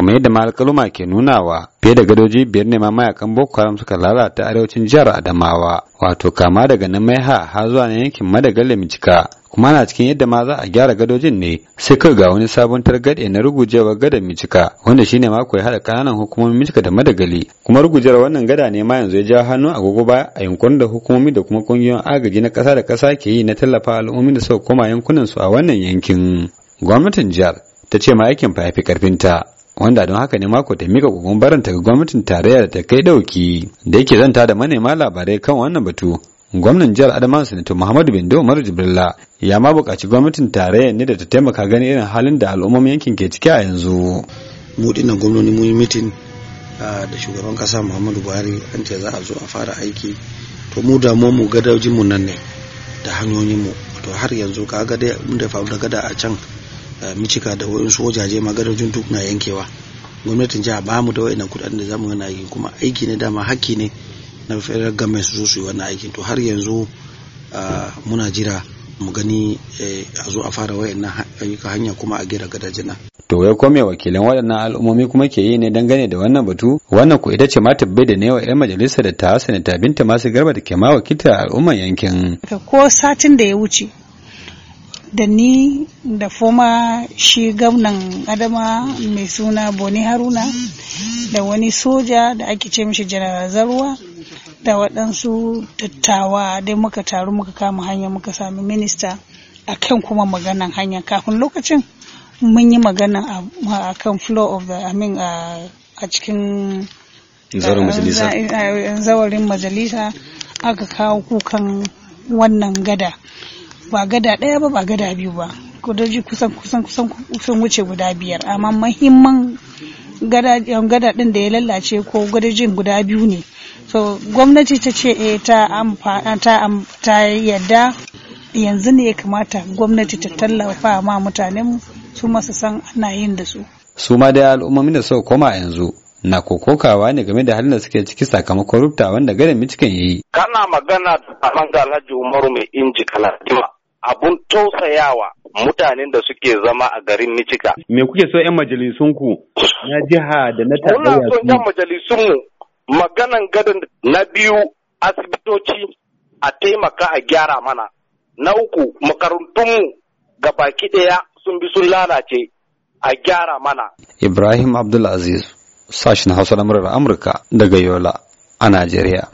kamar yadda malakaluma ke nunawa fiye da gadoji biyar ne ma mayakan boko haram suka lalata arewacin jihar adamawa wato kama daga na maiha har zuwa na yankin madagali micika kuma na cikin yadda ma za a gyara gadojin ne sai kai ga wani sabon targaɗe na rugujewar gada micika wanda shine ma ya haɗa ƙananan hukumomin micika da madagali kuma rugujewar wannan gada ne ma yanzu ya ja hannu agogo baya a yankunan da hukumomi da kuma kungiyoyin agaji na ƙasa da ƙasa ke yi na tallafa al'ummin da suka koma yankunan su a wannan yankin gwamnatin jihar ta ce ma aikin fa ya fi ƙarfinta wanda don haka ne mako ta mika kokumbarin ta ga gwamnatin tarayya da ta kai dauki da yake zanta da manema labarai kan wannan batu gwamnan jihar adamawa sanato muhammadu bindo umar jibrilla ya ma buƙaci gwamnatin tarayya ne da ta taimaka gani irin halin da al'ummomin yankin ke ciki a yanzu mu dinnan gwamnoni mun yi mitin ah, da shugaban kasa muhammadu buhari an ce za a zo a fara aiki to mu da mu gadajin mu nan ne da hanyoyin mu to har yanzu ka ga dai mun da faru da gada a can Eh, micika da waɗansu wajaje magarajin duk na yankewa gwamnatin jiha ba mu da waɗannan kuɗaɗen da zamu gana yi kuma aiki ne dama hakki ne na federal government su zo su yi wannan aikin to har yanzu eh, muna jira mu gani eh, a zo a fara waɗannan ayyuka hanya kuma a gera na. to ya kome wakilan waɗannan al'ummomi kuma ke yi ne dangane da wannan batu wannan ku ita ce ma tabbai da newa 'yan majalisa da ta sanata binta masu garba da ke ma wakiltar al'umman yankin. ko satin da ya wuce da ni da foma shi gamnan adama mai suna boni haruna da wani soja da ake ce mishi janar zarwa da waɗansu dattawa dai muka taru muka kama hanya muka sami minista a kan kuma maganan hanya kafin lokacin mun yi magana a kan floor of the amin a cikin zawarin majalisa aka kawo kukan wannan gada ba gada ɗaya ba ba gada biyu ba ji kusan kusan kusan kusan wuce guda biyar amma mahimman gada ɗin da ya lallace ko jin guda biyu ne so gwamnati ta ce eh ta ta yadda yanzu ne ya kamata gwamnati ta tallafa ma mutanen su masu san ana yin da su su ma da al'ummomin da suka koma yanzu na kokokawa ne game da halin da suke ciki sakamakon rubta wanda garin cikin yayi. Kana magana da Alhaji Umaru mai inji kala abun tausayawa mutanen da suke zama a garin Michika. Me kuke so 'yan majalisunku na jiha da na tarayya? Muna so 'yan majalisunmu maganan gadon na biyu asibitoci a taimaka a gyara mana. Na uku makarantunmu ga baki ɗaya sun bi sun lalace a gyara mana. Ibrahim Abdulaziz, sashen Hausa na Amurka daga Yola a Najeriya.